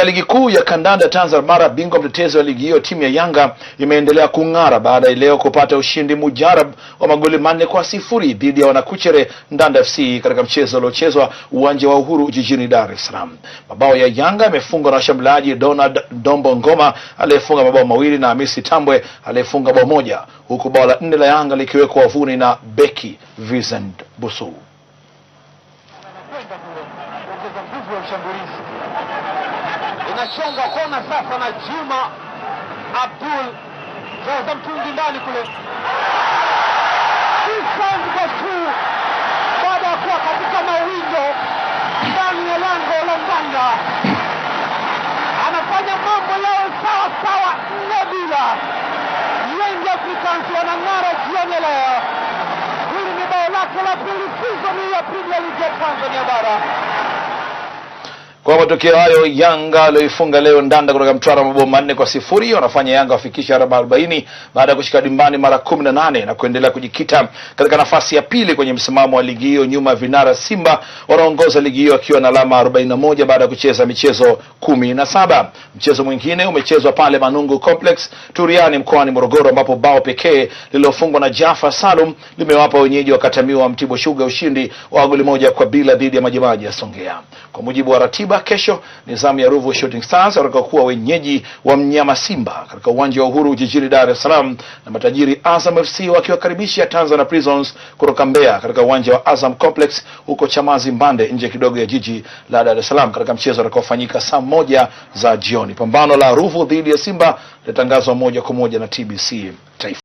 Katika ligi kuu ya kandanda Tanzania Bara, bingwa mtetezi wa ligi hiyo timu ya Yanga imeendelea kung'ara baada ya leo kupata ushindi mujarab wa magoli manne kwa sifuri dhidi ya wanakuchere Ndanda FC katika mchezo uliochezwa uwanja wa Uhuru jijini Dar es Salaam. Mabao ya Yanga yamefungwa na washambuliaji Donald Dombo Ngoma aliyefunga mabao mawili na Hamisi Tambwe aliyefunga bao moja, huku bao la nne la Yanga likiwekwa wavuni na beki Vincent Busu inachonga kona sasa na Juma Abdul zaza mtungi ndani kule tu baada ya kuwa katika mawindo ndani ya lango la Mbanga anafanya mambo yao sawa sawa nne bila wengi Africans wanang'ara jioni leo. Hili ni bao lake la pili sizoni ya Premier League ya Tanzania Bara. Kwa matokeo hayo, Yanga aliyoifunga leo Ndanda kutoka Mtwara mabao manne kwa sifuri wanafanya Yanga wafikisha alama arobaini baada ya kushika dimbani mara kumi na nane na kuendelea kujikita katika nafasi ya pili kwenye msimamo wa ligi hiyo, nyuma ya vinara Simba wanaongoza ligi hiyo akiwa na alama arobaini na moja baada ya kucheza michezo kumi na saba. Mchezo mwingine umechezwa pale Manungu Complex Turiani mkoani Morogoro, ambapo bao pekee lililofungwa na jafa Salum limewapa wenyeji wa Katamiwa Mtibwa shuga ushindi wa goli moja kwa bila dhidi ya Majimaji ya Songea. Kwa mujibu wa ratiba kesho ni zamu ya Ruvu Shooting Stars watakaokuwa wenyeji wa mnyama Simba katika uwanja wa Uhuru jijini Dar es Salaam, na matajiri Azam FC wakiwakaribisha Tanzania Prisons kutoka Mbeya katika uwanja wa Azam Complex huko Chamazi Mbande, nje kidogo ya jiji la Dar es Salaam, katika mchezo utakaofanyika saa moja za jioni. Pambano la Ruvu dhidi ya Simba litatangazwa moja kwa moja na TBC Taifa.